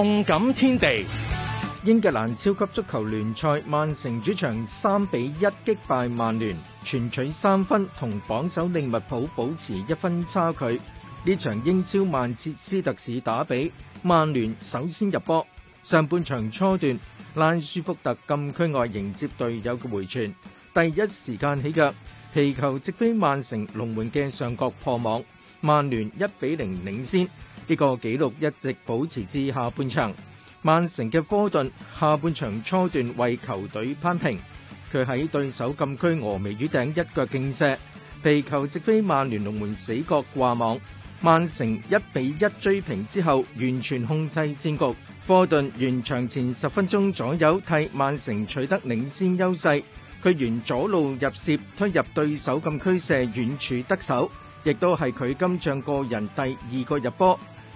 動感天地，英格蘭超級足球聯賽，曼城主場三比一擊敗曼聯，全取三分，同榜首利物浦保持一分差距。呢場英超曼徹斯特市打比，曼聯首先入波。上半場初段，拉舒福特禁區外迎接隊友嘅回傳，第一時間起腳，皮球直飛曼城龍門嘅上角破網，曼聯一比零領先。呢個紀錄一直保持至下半場。曼城嘅科頓下半場初段為球隊扳平，佢喺對手禁區峨眉與頂一腳勁射，皮球直飛曼聯龍門死角掛網。曼城一比一追平之後，完全控制戰局。科頓完場前十分鐘左右替曼城取得領先優勢，佢沿左路入涉，推入對手禁區射遠處得手，亦都係佢今仗個人第二個入波。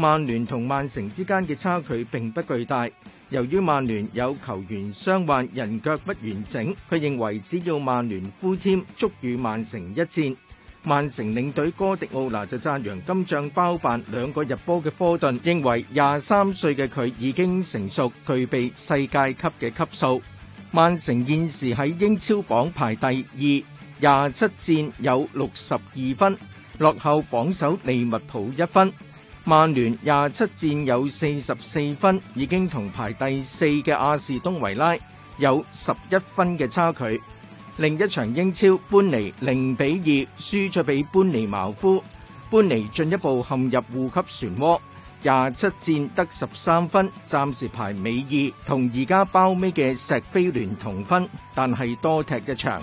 曼聯同曼城之間嘅差距並不巨大。由於曼聯有球員傷患，人腳不完整，佢認為只要曼聯呼添，足與曼城一戰。曼城領隊哥迪奧拿就讚揚今仗包辦兩個入波嘅科頓，認為廿三歲嘅佢已經成熟，具備世界級嘅級數。曼城現時喺英超榜排第二，廿七戰有六十二分，落後榜首利物浦一分。曼聯廿七戰有四十四分，已經同排第四嘅阿士東維拉有十一分嘅差距。另一場英超，班尼零比二輸咗俾班尼茅夫，班尼進一步陷入護級漩渦。廿七戰得十三分，暫時排尾二，同而家包尾嘅石飛聯同分，但係多踢一場。